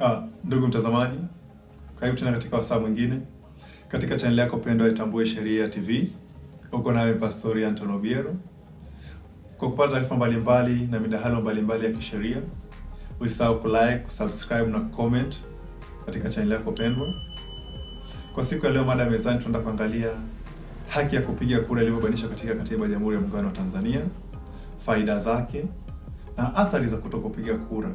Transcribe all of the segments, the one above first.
Ah, ndugu mtazamaji, karibu tena katika wasaa mwingine katika chaneli yako pendwa Itambue Sheria TV. Uko nawe Pastori Anton Obiero kwa kupata taarifa mbalimbali na midahalo mbalimbali ya kisheria. Usisahau ku kulike, kusubscribe na comment katika chaneli yako pendwa. Kwa siku ya leo, mada ya mezani tunaenda kuangalia haki ya kupiga kura ilivyobainishwa katika katiba ya Jamhuri ya Muungano wa Tanzania, faida zake na athari za kutokupiga kura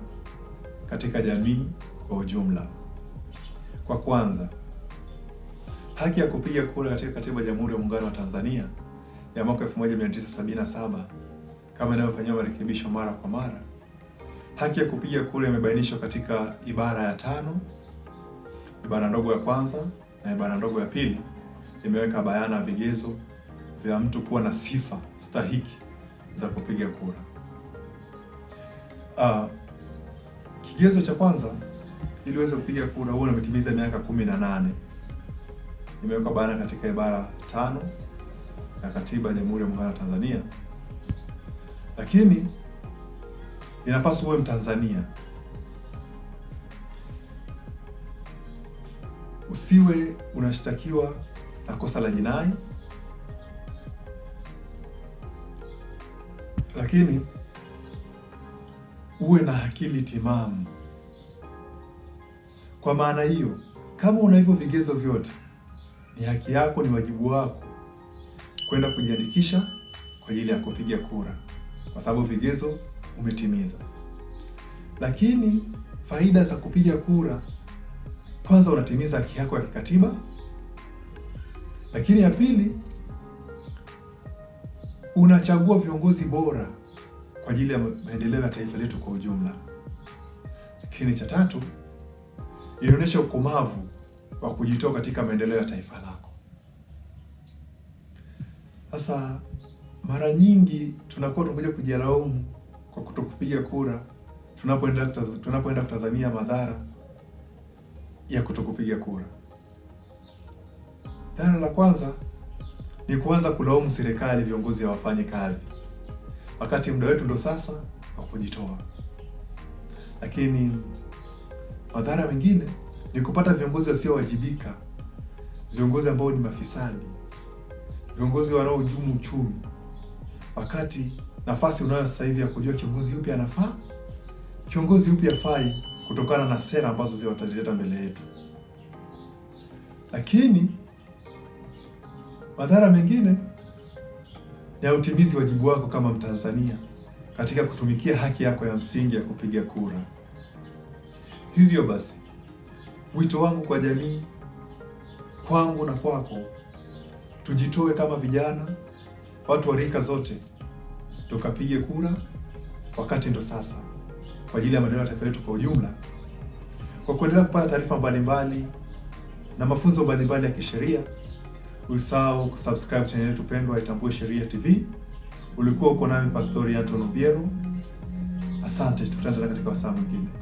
katika jamii kwa ujumla. Kwa kwanza, haki ya kupiga kura katika katiba ya Jamhuri ya Muungano wa Tanzania ya mwaka 1977 kama inavyofanyiwa marekebisho mara kwa mara. Haki ya kupiga kura imebainishwa katika ibara ya tano, ibara ndogo ya kwanza na ibara ndogo ya pili imeweka bayana vigezo vya mtu kuwa na sifa stahiki za kupiga kura. Uh, kigezo cha kwanza ili uweze kupiga kura huo umetimiza miaka kumi na nane. Imewekwa bana katika ibara tano ya katiba ya Jamhuri ya Muungano wa Tanzania, lakini inapaswa uwe Mtanzania, usiwe unashtakiwa na kosa la jinai, lakini uwe na akili timamu. Kwa maana hiyo, kama una hivyo vigezo vyote, ni haki yako, ni wajibu wako kwenda kujiandikisha kwa ajili ya kupiga kura, kwa sababu vigezo umetimiza. Lakini faida za kupiga kura, kwanza, unatimiza haki yako ya kikatiba, lakini ya pili, unachagua viongozi bora kwa ajili ya maendeleo ya taifa letu kwa ujumla, lakini cha tatu ilionyesha ukomavu wa kujitoa katika maendeleo ya taifa lako. Sasa mara nyingi tunakuwa tunakuja kujilaumu kwa kutokupiga kura tunapoenda tunapoenda kutazamia madhara ya kutokupiga kura. Dhara la kwanza ni kuanza kulaumu serikali, viongozi hawafanyi kazi, wakati muda wetu ndo sasa wa kujitoa, lakini Madhara mengine ni kupata viongozi wasiowajibika, viongozi ambao ni mafisadi, viongozi wanaohujumu uchumi, wakati nafasi unayo sasa hivi ya kujua kiongozi yupi anafaa, kiongozi yupi afai, kutokana na sera ambazo zile watazileta mbele yetu. Lakini madhara mengine ni ya utimizi wajibu wako kama Mtanzania katika kutumikia haki yako ya msingi ya kupiga kura. Hivyo basi, wito wangu kwa jamii, kwangu na kwako, tujitoe kama vijana, watu wa rika zote, tukapige kura. Wakati ndo sasa kwa ajili ya maendeleo ya taifa letu kwa ujumla, kwa kuendelea kupata taarifa mbalimbali na mafunzo mbalimbali ya kisheria. Usisahau kusubscribe channel yetu pendwa Itambue Sheria TV. Ulikuwa uko nami Pastori Anton Obiero. Asante, tukutane tena katika wasaa mwingine.